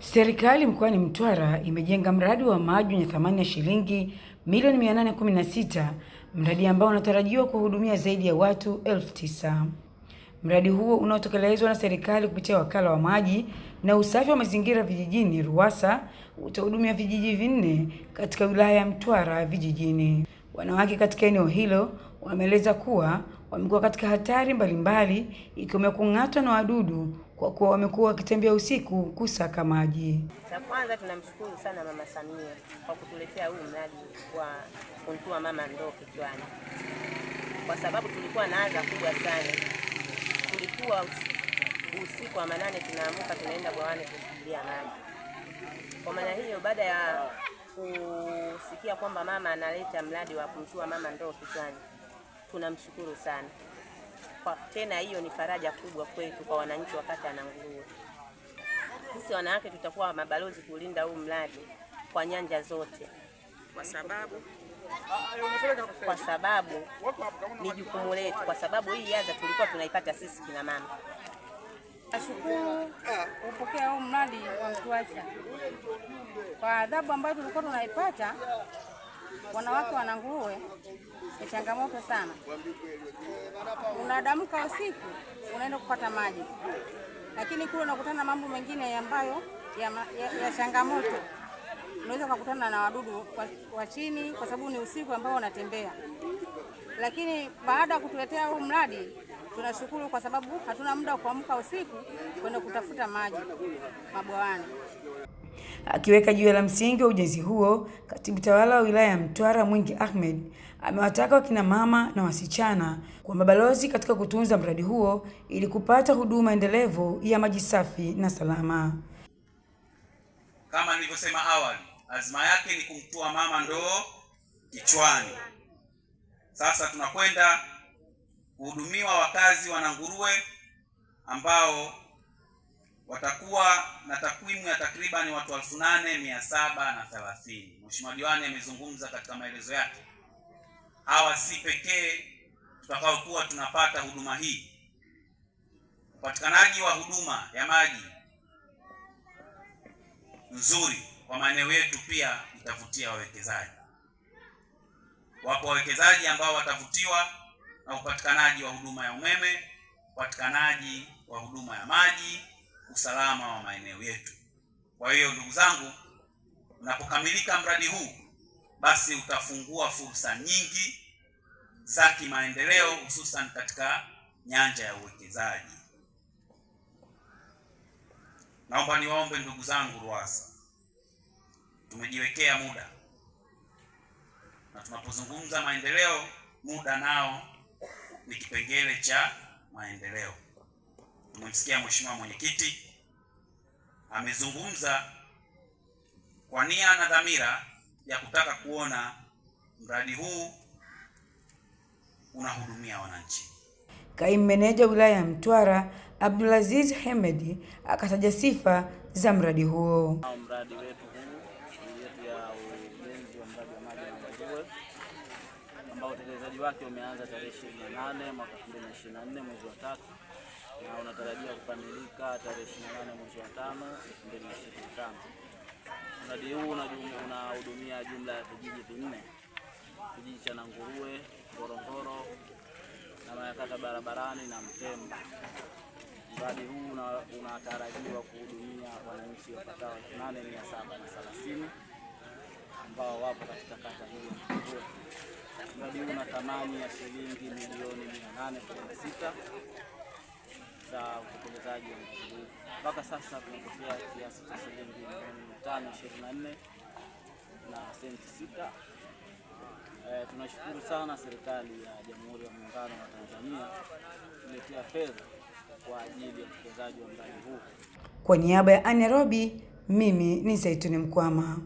Serikali mkoani Mtwara imejenga mradi wa maji wenye thamani ya shilingi milioni 816, mradi ambao unatarajiwa kuhudumia zaidi ya watu elfu tisa. Mradi huo unaotekelezwa na serikali kupitia Wakala wa Maji na Usafi wa Mazingira Vijijini RUWASA utahudumia vijiji vinne katika wilaya ya Mtwara Vijijini. Wanawake katika eneo hilo wameeleza kuwa wamekuwa katika hatari mbalimbali ikiwemo ya kung'atwa na wadudu kwa kuwa wamekuwa wakitembea usiku kusaka maji. Cha kwanza tunamshukuru sana Mama Samia kwa kutuletea huu mradi wa kuntua mama ndoo kichwani, kwa sababu tulikuwa na adha kubwa sana. Tulikuwa usiku wa manane tunaamka tunaenda bwawani kusubiria maji. Kwa maana hiyo, baada ya kusikia kwamba mama analeta mradi wa kumtua mama ndoo kichwani tunamshukuru sana kwa, tena hiyo ni faraja kubwa kwetu kwa wananchi wa kata ya Nanguruwe. Sisi wanawake tutakuwa mabalozi kulinda huu mradi kwa nyanja zote, kwa sababu kwa sababu ni jukumu letu, kwa sababu hii yaza tulikuwa tunaipata sisi kina mama. Nashukuru kupokea huu mradi wa Mtwasa kwa adhabu ambayo tulikuwa tunaipata wanawake wana nguruwe eh? ni changamoto sana. Unadamka usiku unaenda kupata maji, lakini kule unakutana mambo mengine ambayo ya, ya, ya changamoto. Unaweza ukakutana na wadudu wa chini, kwa sababu ni usiku ambao unatembea. Lakini baada ya kutuletea huu mradi tunashukuru, kwa sababu hatuna muda wa kuamka usiku kwenda kutafuta maji mabwawani. Akiweka jiwe la msingi wa ujenzi huo, katibu tawala wa wilaya ya Mtwara Mwingi Ahmed amewataka wakina mama na wasichana kuwa mabalozi katika kutunza mradi huo ili kupata huduma endelevu ya maji safi na salama. Kama nilivyosema awali, azma yake ni kumtua mama ndoo kichwani. Sasa tunakwenda kuhudumiwa wakazi wa Nanguruwe ambao watakuwa na takwimu ya takribani watu elfu nane mia saba na thelathini. Mheshimiwa diwani amezungumza katika maelezo yake, hawa si pekee tutakaokuwa tunapata huduma hii. Upatikanaji wa huduma ya maji nzuri kwa maeneo yetu pia itavutia wawekezaji. Wapo wawekezaji ambao watavutiwa na upatikanaji wa huduma ya umeme, upatikanaji wa huduma ya maji usalama wa maeneo yetu. Kwa hiyo ndugu zangu, unapokamilika mradi huu, basi utafungua fursa nyingi za kimaendeleo, hususan katika nyanja ya uwekezaji. Naomba niwaombe ndugu zangu RUWASA, tumejiwekea muda na tunapozungumza maendeleo, muda nao ni kipengele cha maendeleo. Mmemsikia mheshimiwa mwenyekiti amezungumza kwa nia na dhamira ya kutaka kuona mradi huu unahudumia wananchi. Kaimu meneja wilaya ya Mtwara Abdulaziz Hemedi akataja sifa za mradi huo. Mradi wetu huu yetu ya ujenzi wa mradi wa maji Nambabue ambao utekelezaji wake umeanza tarehe 28 mwaka 2024 mwezi wa tatu na unatarajia kukamilika tarehe 28 mwezi wa 5 2025. Mradi huu unahudumia jumla ya vijiji vinne, kijiji cha Nanguruwe, Ngorongoro na Mayakata barabarani na Mtemba. Mradi huu unatarajiwa kuhudumia wananchi wapatao 8730 ambao wapo katika kata hii Mradi huu una thamani ya shilingi milioni 816 za utekelezaji wa mradi huu. Mpaka sasa tumepotea kiasi cha shilingi milioni mia tano ishirini na nne na senti sita. E, tunashukuru sana serikali ya Jamhuri ya Muungano wa Tanzania kuletea fedha kwa ajili ya utekelezaji wa mradi huu. Kwa niaba ya Anarobi, mimi ni Zaituni Mkwama.